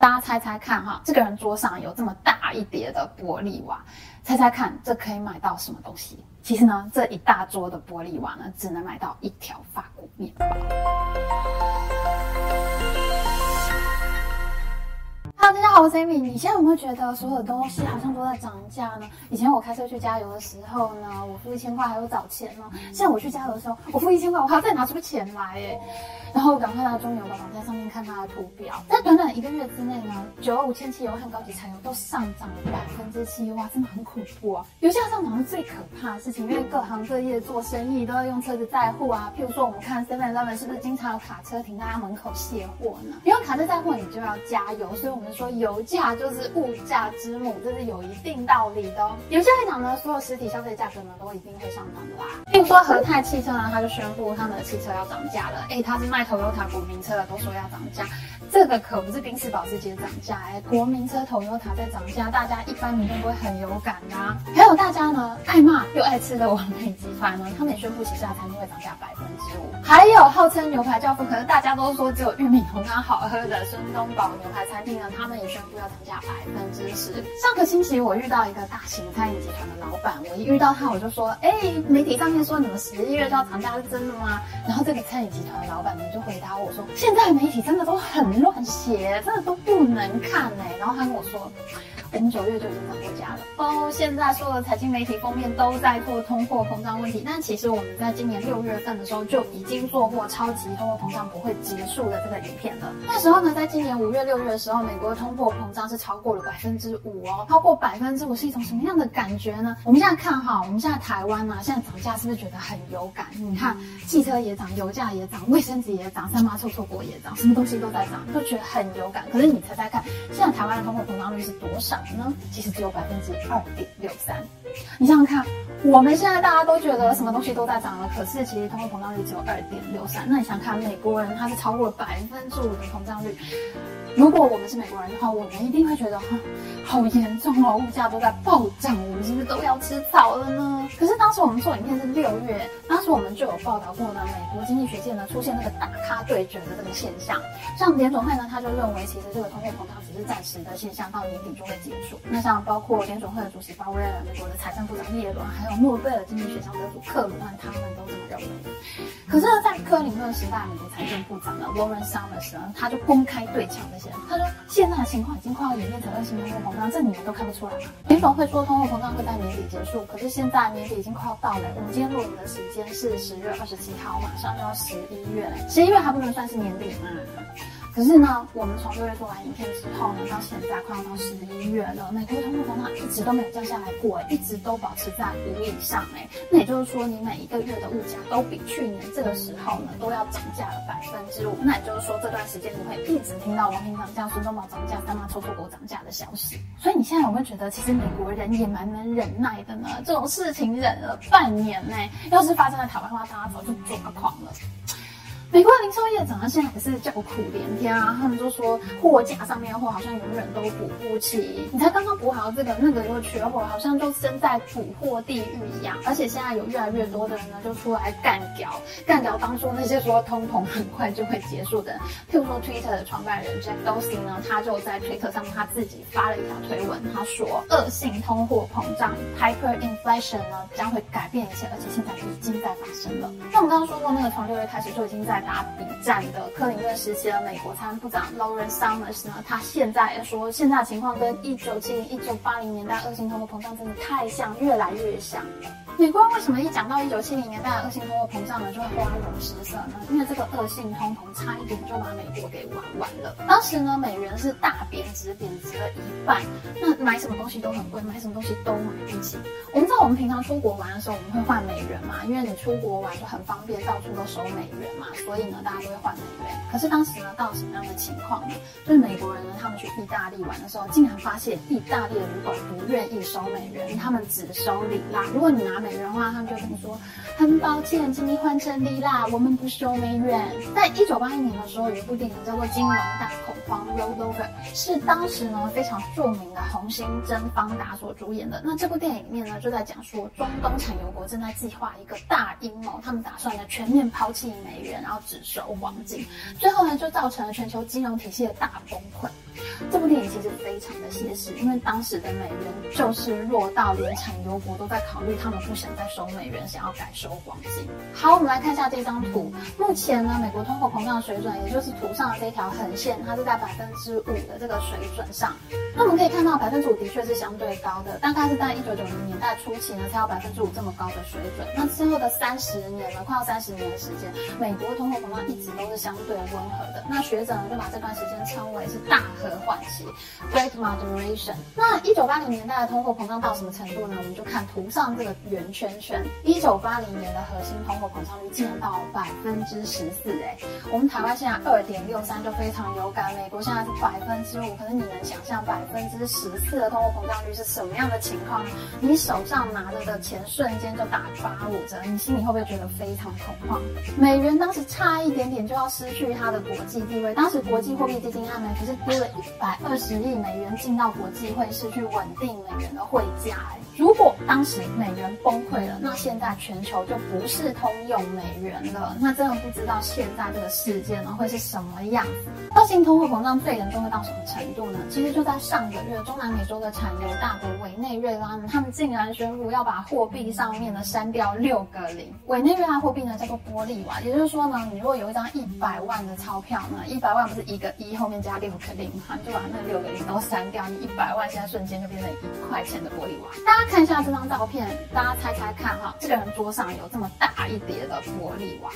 大家猜猜看哈，這個人桌上有這麼大一疊的玻利瓦，猜猜看這可以買到什麼東西？其實呢，這一大桌的玻利瓦呢，只能買到一條法國麵包。大家好，我是 Amy。你現在有沒有覺得所有的東西好像都在漲價呢。以前我開車去加油的時候呢，我付一千塊還有找錢呢。現在我去加油的時候，我付一千塊，我還要再拿出個錢來哎、欸。然後趕快到中油的網站上面看它的圖表，在短短一個月之內呢，九二、無鉛汽油和高級柴油都上漲了百分之七，哇，真的很恐怖啊！油價上漲是最可怕的事情，因為各行各業做生意都要用車子載貨啊。譬如說，我們看 Seven Eleven 是不是經常有卡車停在它門口卸貨呢？因為卡車載貨，你就要加油，所以我們。說油價就是物價之母，這、就是有一定道理的哦。油價一漲呢，所有實體消費價格呢都一定會上漲的啦、啊。聽說和泰汽車呢，他就宣布他們的汽車要漲價了。哎，他是賣 Toyota 國民車的，都說要漲價，這個可不是賓士、保時捷漲價、欸，哎，國民車 Toyota 在漲價，大家一般民眾不會很有感啦、啊。還有大家呢，愛罵又愛吃的王品集團呢，他們也宣布旗下餐廳會漲價百分之五。還有號稱牛排教父，可是大家都說只有玉米濃湯好喝的孫東寶牛排餐廳呢，他他們也宣布要漲價百分之十。上個星期我遇到一個大型餐飲集團的老闆，我一遇到他我就說：“哎、欸，媒體上面說你們十一月就要漲價是真的嗎？”然後這個餐飲集團的老闆呢就回答我說：“現在媒體真的都很亂寫，真的都不能看呢、欸。”然後他跟我說。我們九月就已經漲過價了哦。現在所有的財經媒體封面都在做通貨膨脹問題，但其實我們在今年六月份的時候就已經做過超級通貨膨脹不會結束的這個影片了。那時候呢，在今年五月六月的時候，美國的通貨膨脹是超過了百分之五哦。超過百分之五是一種什麼樣的感覺呢？我們現在看哈，我們現在台灣呢、啊，現在漲價是不是覺得很有感？你看汽車也漲，油價也漲，衛生紙也漲，三媽臭臭鍋也漲，什麼東西都在漲，就覺得很有感。可是你猜猜看，現在台灣的通貨膨脹率是多少？其實只有百分之二點六三。你想想看，我們現在大家都覺得什麼東西都在漲了，可是其實通貨膨脹率只有二點六三。那你想看，美國人他是超過了百分之五的膨脹率。如果我們是美國人的話，我們一定會覺得好嚴重哦，物價都在暴漲，我們是不是都要吃草了呢？可是當時我們做影片是六月，當時我們就有報道過呢，美國經濟學界呢出現那個大咖對決的那個現象。像聯準會呢，他就認為其實這個通貨膨脹只是暫時的現象，到年底就會結束。那像包括聯準會的主席鮑威爾、美國的財政部長耶倫，還有諾貝爾經濟學獎得主克魯曼，他們都這麼認為。可是呢，在克林頓時代，美國財政部長呢，Warren Summers，他就公開對嗆這些人，他說現在的情況已經快要演變成惡性通貨膨可能這你們都看不出來嗎？李總會說通貨膨脹會在年底結束，可是現在年底已經快要到了。我們今天錄影的時間是十月二十七號，馬上就要十一月了，十一月還不能算是年底，嗯只是呢，我們從六月做完影片之後呢，到現在快要到十一月了，美國通貨膨脹一直都沒有降下來過、欸，一直都保持在五以上、欸，哎，那也就是說，你每一個月的物價都比去年這個時候呢，都要漲價了百分之五。那也就是說，這段時間你會一直聽到王品漲價、孫東寶漲價，三媽臭臭鍋漲價的消息。所以你現在有沒有覺得，其實美國人也蠻能忍耐的呢？這種事情忍了半年、欸，呢，要是發生在台灣的話，大家早就抓狂了。美國的零售業長到現在也是叫苦連天啊！他們就說，貨架上面的貨好像永遠都補不齊。你才剛剛補好這個，那個又缺貨，好像就身在補貨地獄一樣。而且現在有越來越多的人呢，就出來幹譙，幹譙當初那些說通膨很快就會結束的。譬如說，Twitter 的創辦人 Jack Dorsey 呢，他就在 Twitter 上面他自己發了一條推文，他說：“惡性通貨膨脹 （Hyper Inflation） 呢，將會改變一切，而且現在已經在發生了。”那我們剛剛說過，那個從六月開始就已經在。打比戰的克林頓時期的美國參部長 Lawrence Summers 呢，他現在說，現在情況跟一九七零一九八零年代惡性通貨膨脹真的太像，越來越像了。美國為什麼一講到一九七零年代惡性通貨膨脹呢，就會花容失色呢？因為這個惡性通膨差一點就把美國給玩完了。當時呢，美元是大貶值，貶值了一半，那買什麼東西都很貴，買什麼東西都買不起。我們知道我們平常出國玩的時候，我們會換美元嘛，因為你出國玩就很方便，到處都收美元嘛。所以呢，大家都會換美元。可是當時呢，到了什麼樣的情況呢？就是美國人呢，他們去意大利玩的時候，竟然發現意大利的旅館不願意收美元，他們只收里拉。如果你拿美元的話，他們就跟你說：“很抱歉，請你換成里拉，我們不收美元。”在1981年的時候，有一部電影叫做《金融大恐慌 t o e d o g g 是當時呢非常著名的紅星真邦達所主演的。那這部電影裡面呢，就在講說中東產油國正在計劃一個大陰謀，他們打算呢全面拋棄美元，然後，只收黃金，最後呢，就造成了全球金融體系的大崩潰。這部電影其實非常的寫實，因為當時的美元就是弱到連產油國都在考慮，他們不想再收美元，想要改收黃金。好，我們來看一下這張圖，目前呢美國通貨膨脹的水準，也就是圖上的這條橫線，它是在百分之五的這個水準上。那我們可以看到5，百分之五的確是相對高的，大概是在一九九零年代初期呢，才有百分之五這麼高的水準。那之後的三十年呢，快要三十年的時間，美國的通貨膨脹一直都是相對溫和的。那學者呢就把這段時間稱為是大和緩期 （Great Moderation）。那一九八零年代的通貨膨脹到什麼程度呢？我們就看圖上這個圓圈圈，一九八零年的核心通貨膨脹率竟然到百分之十四！哎、欸，我們台灣現在二點六三就非常有感，美國現在是百分之五，可是你能想象百？百分之十四的通貨膨脹率是什麼樣的情況呢？你手上拿着的錢瞬間就打八五折，你心裡會不會覺得非常恐慌？美元當時差一點點就要失去它的國際地位，當時國際貨幣基金安呢，可是丟了一百二十億美元進到國際匯市去穩定美元的匯價。如果當時美元崩潰了，那現在全球就不是通用美元了，那真的不知道現在這個世界呢會是什麼樣？惡性通貨膨脹最嚴重的到什麼程度呢？其實就在上上個月，中南美洲的產油大國委內瑞拉，他們竟然宣布要把貨幣上面的刪掉六個零。委內瑞拉貨幣呢叫做玻利瓦，也就是說呢，你如果有一張一百萬的鈔票呢，一百萬不是一個一後面加六個零嘛，就把那六個零都刪掉，你一百萬現在瞬間就變成一塊錢的玻利瓦。大家看一下這張照片，大家猜猜看哈、哦，這個人桌上有這麼大一疊的玻利瓦，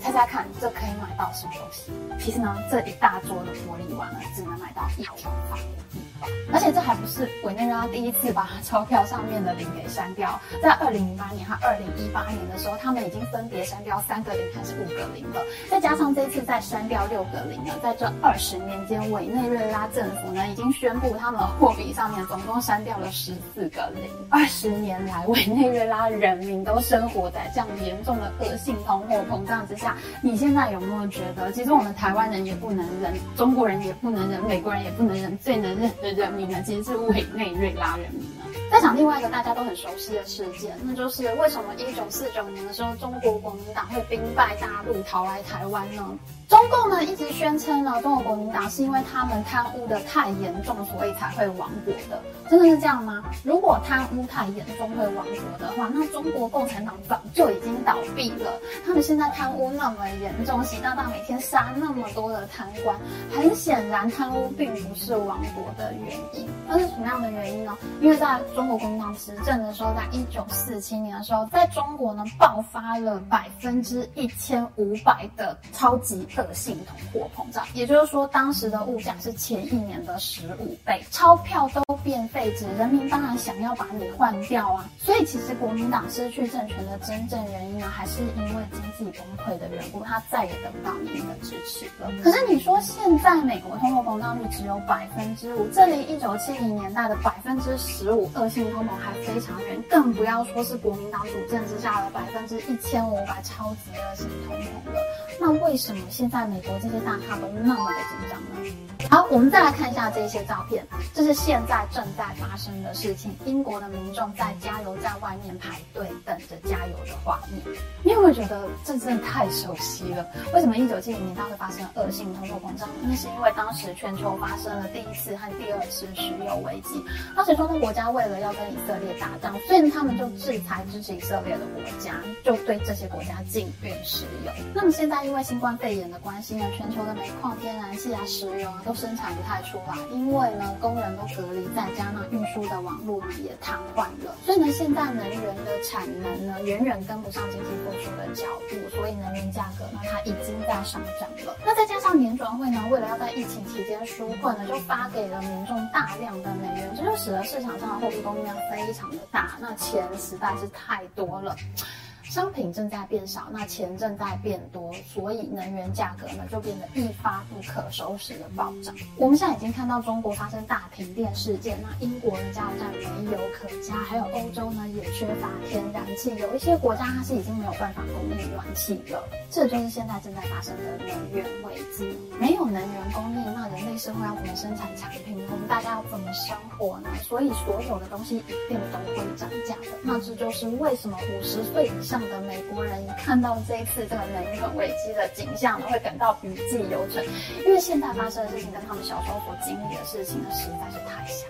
猜猜看這可以買到什麼東西？其實呢，這一大桌的玻利瓦呢，只能買到一條法國領而且這還不是委內瑞拉第一次把鈔票上面的零給刪掉，在二零零八年和二零一八年的時候，他們已經分別刪掉三個零還是五個零了，再加上這次再刪掉六個零了，在這二十年間，委內瑞拉政府呢已經宣布他們貨幣上面總共刪掉了十四個零。二十年來，委內瑞拉人民都生活在這樣嚴重的惡性通貨膨脹之下，你現在有沒有覺得，其實我們台灣人也不能忍，中國人也不能忍，美國人也不能忍，最能忍。人民呢，其實是委內瑞拉人民。 再講另外一個大家都很熟悉的事件，那就是為什麼一九四九年的時候，中國國民黨會兵敗大陸，逃來台灣呢？中共呢一直宣稱呢，中國國民黨是因為他們貪污得太嚴重，所以才會亡國的。真的是這樣嗎？如果貪污太嚴重會亡國的話，那中國共產黨早就已經倒閉了。他們現在貪污那麼嚴重，習大大每天殺那麼多的貪官，很顯然貪污並不是亡國的原因。那是什麼樣的原因呢？因為在中國國民黨執政的時候，在一九四七年的時候，在中國呢爆發了百分之一千五百的超級惡性通貨膨脹，也就是說，當時的物價是前一年的十五倍，鈔票都變廢紙，人民當然想要把你換掉啊！所以其實國民黨失去政權的真正原因呢、啊，還是因為經濟崩潰的緣故，他再也得不到你們的支持了。可是你說現在美國通貨膨脹率只有百分之五，這離一九七零年代的百分之十五惡性通膨還非常遠，更不要說是國民黨主政之下的百分之一千五百超級惡性通膨了。那為什麼現在美國這些大咖都那麼的緊張呢？好，我們再來看一下這些照片，這是現在正在發生的事情：英國的民眾在加油站外面排隊等着加油的畫面。你有沒有覺得這真的太熟悉了？為什麼一九七零年它會發生惡性通貨膨脹？那是因為當時全球發生了第一次和第二次石油危機，當時中東國家為了要跟以色列打仗，所以呢他們就制裁支持以色列的國家，就對這些國家禁運石油。那麼現在？因為新冠肺炎的關係呢，全球的煤礦、天然氣啊、石油啊都生產不太出來，因為呢工人都隔離在家，運輸的網絡嘛也癱瘓了，所以呢現在能源的產能呢遠遠跟不上經濟復甦的腳步，所以能源價格呢它已經在上漲了。那再加上聯準會呢，為了要在疫情期間紓困呢，就發給了民眾大量的美元，這就是、使得市場上的貨幣供應量非常的大，那錢實在是太多了。商品正在變少，那錢正在變多，所以能源價格呢就變得一發不可收拾的暴漲。我們現在已經看到中國發生大停電事件，那英國的加油站沒有可加，還有歐洲呢也缺乏天然氣，有一些國家它是已經沒有辦法供應暖氣了。這就是現在正在發生的能源危機。沒有能源供應，那人類社會要怎麼生產產品？我們大家要怎麼生活呢？所以所有的東西一定都會漲價的。那這就是為什麼五十歲以上的美國人一看到這一次這個能源危機的景象呢，會感到筆跡猶存。因為現在發生的事情跟他們小時候所經歷的事情呢，實在是太像。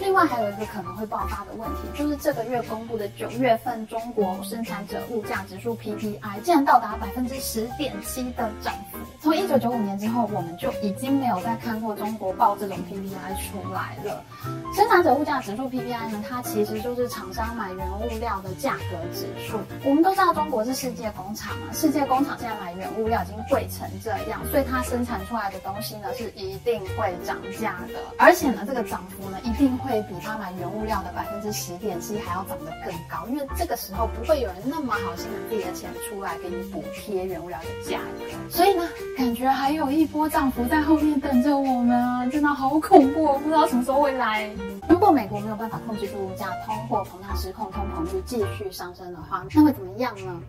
另外，還有一個可能會爆發的問題，就是這個月公布的九月份中國生產者物價指數 PPI 竟然到達百分之十點七的漲幅。一九九五年之後，我們就已經沒有再看過中國報這種 PPI 出來了。生產者物價指數 PPI 呢，它其實就是廠商買原物料的價格指數。我們都知道中國是世界工廠嘛，世界工廠現在買原物料已經貴成這樣，所以它生產出來的東西呢，是一定會漲價的。而且呢，這個漲幅呢一定會比它買原物料的百分之十點七還要漲得更高，因為這個時候不會有人那麼好心拿錢出來給你補貼原物料的價格，所以呢，感。感覺還有一波漲幅在後面等着我們啊，真的好恐怖，我不知道什麼時候會來。如果美國沒有辦法控制住物價、通貨膨脹失控、通膨率繼續上升的話，那會怎麼樣呢？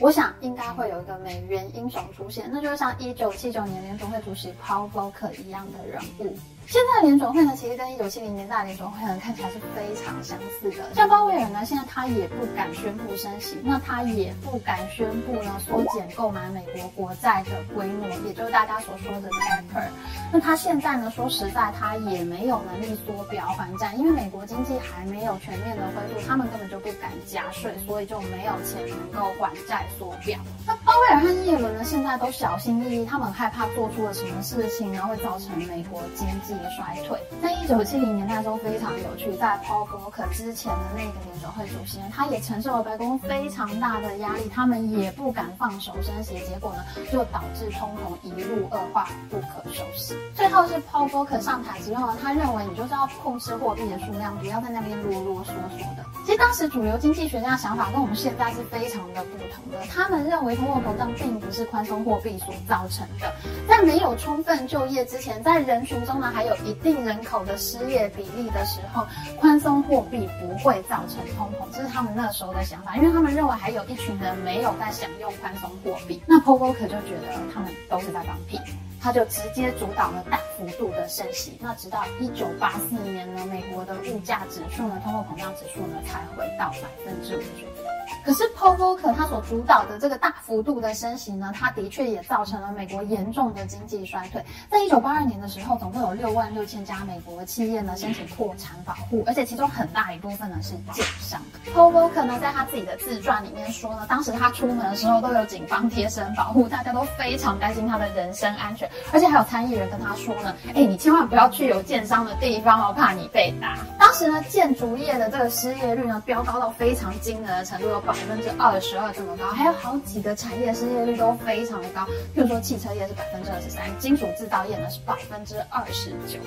我想應該會有一個美元英雄出現，那就是像一九七九年聯儲會主席 Paul Volcker 一樣的人物。現在的聯準會呢，其實跟一九七零年代的聯準會呢看起來是非常相似的。像鮑威爾呢，現在他也不敢宣布升息，那他也不敢宣布呢縮減購買美國國債的規模，也就是大家所說的 taper。那他現在呢，說實在，他也沒有能力縮表還債，因為美國經濟還沒有全面的恢復，他們根本就不敢加稅，所以就沒有錢能夠還債縮表。那鮑威爾和耶倫呢，現在都小心翼翼，他們很害怕做出了什麼事情，然後會造成美國經濟。衰退。那一九七零年代中非常有趣，在 Paul Volcker 之前的那個年頭，會主席他也承受了白宮非常大的壓力，他們也不敢放手升息，結果呢就導致通膨一路惡化不可收拾。最後是 Paul Volcker 上台之後呢，他認為你就是要控制貨幣的數量，不要在那邊囉囉嗦嗦嗦的。其實當時主流經濟學家的想法跟我們現在是非常的不同的，他們認為通貨膨脹並不是寬鬆貨幣所造成的，在沒有充分就業之前，在人群中呢還。有一定人口的失業比例的時候，寬鬆貨幣不會造成通膨，這是他們那時候的想法，因為他們認為還有一群人沒有在享用寬鬆貨幣。那 Volcker 就覺得他們都是在放屁，他就直接主導了大幅度的升息。那直到一九八四年呢，美國的物價指數呢，通貨膨脹指數呢，才回到百分之五的水平。可是 Volcker 他所主導的這個大幅度的升息呢，他的確也造成了美國嚴重的經濟衰退。在1982年的時候，總共有66,000家美國企業呢申請破產保護，而且其中很大一部分呢是建商。Volcker 呢在他自己的自傳裡面說呢，當時他出門的時候都有警方貼身保護，大家都非常擔心他的人身安全，而且還有參議員跟他說呢，哎，你千萬不要去有建商的地方哦，怕你被打。當時呢建築業的這個失業率呢飆高到非常驚人的程度。百分之二十二這麼高，還有好幾個產業失業率都非常的高，譬如說汽車業是百分之二十三，金屬製造業呢是百分之二十九。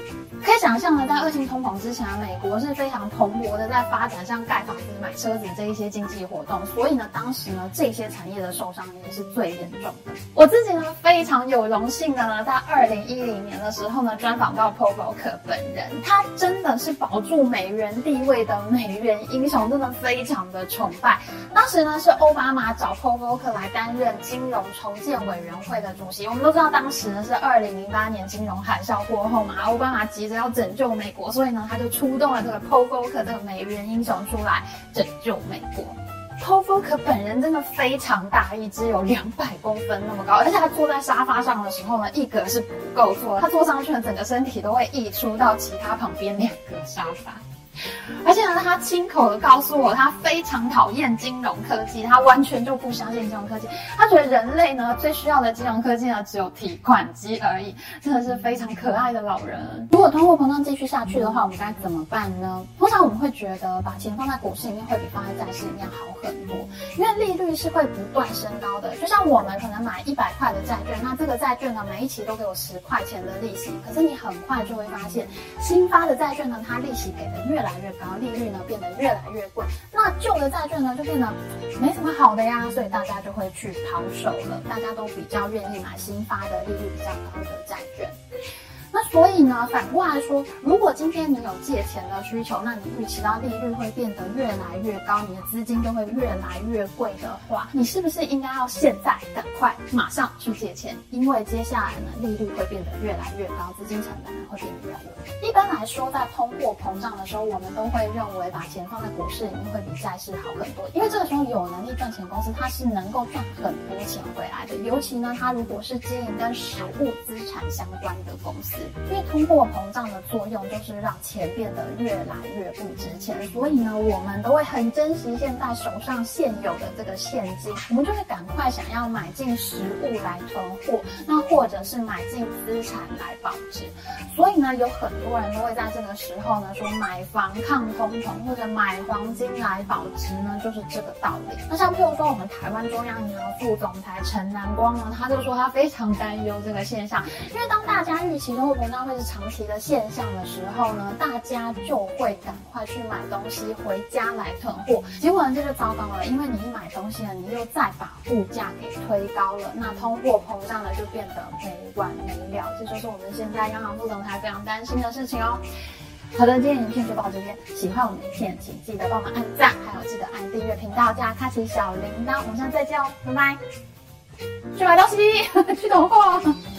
可以想象呢，在惡性通膨之前，美國是非常蓬勃的在發展，像蓋房子、買車子這一些經濟活動，所以呢，當時呢這些產業的受傷也是最嚴重的。我自己呢非常有榮幸的呢，在二零一零年的時候呢，專訪到 Volcker 本人，他真的是保住美元地位的美元英雄，真的非常的崇拜。當時呢是奧巴馬找 Volcker 來擔任金融重建委員會的主席。我們都知道，當時呢是二零零八年金融海嘯過後嘛，奧巴馬急着要拯救美國，所以呢他就出動了這個 Volcker 這個美元英雄出來拯救美國。Volcker 本人真的非常大隻，有兩百公分那麼高，而且他坐在沙發上的時候呢，一格是不夠坐，他坐上去整個身體都會溢出到其他旁邊兩格沙發。而且呢，他親口的告訴我，他非常討厭金融科技，他完全就不相信金融科技。他覺得人類呢最需要的金融科技呢只有提款機而已，真的是非常可愛的老人。如果通貨膨脹繼續下去的話，嗯，我們該怎麼辦呢？通常我們會覺得把錢放在股市裡面會比放在債市裡面好很多，因為利率是會不斷升高的。就像我們可能買一百塊的債券，那這個債券呢每一期都給我十塊錢的利息，可是你很快就會發現，新發的債券呢它利息給的越越來越高，利率呢變得越來越貴，那舊的債券呢就變得沒什麼好的呀，所以大家就會去拋售了，大家都比較願意買新發的利率比較高的債券。那所以呢，反過來說，如果今天你有借錢的需求，那你預期到利率會變得越來越高，你的資金就會越來越貴的話，你是不是應該要現在趕快馬上去借錢？因為接下來呢，利率會變得越來越高，資金成本呢會變得越來越高。一般來說，在通貨膨脹的時候，我們都會認為把錢放在股市裡面會比債市好很多，因為這個時候有能力賺錢的公司它是能夠賺很多錢回來的，尤其呢，它如果是經營跟實物資產相關的公司。因為通貨膨脹的作用就是讓錢變得越來越不值錢，所以呢，我們都會很珍惜現在手上現有的這個現金，我們就是趕快想要買進實物來囤貨，那或者是買進資產來保值。所以呢，有很多人都會在這個時候呢說買房抗通膨或者買黃金來保值呢，就是這個道理。那像譬如說我們台灣中央銀行副總裁陳南光呢，他就說他非常擔憂這個現象，因為當大家預期中。膨脹會是長期的現象的時候呢，大家就會趕快去買東西回家來囤貨。結果呢，這就糟糕了，因為你一買東西，呢，你又再把物價給推高了，那通貨膨脹呢就變得沒完沒了，這就是我們現在央行副總裁非常擔心的事情哦。好的，今天影片就到這邊，喜歡我們影片請記得幫忙按讚，還有記得按訂閱頻道，加開啟小鈴鐺，我們下次再見哦，拜拜。去買東西，去囤貨。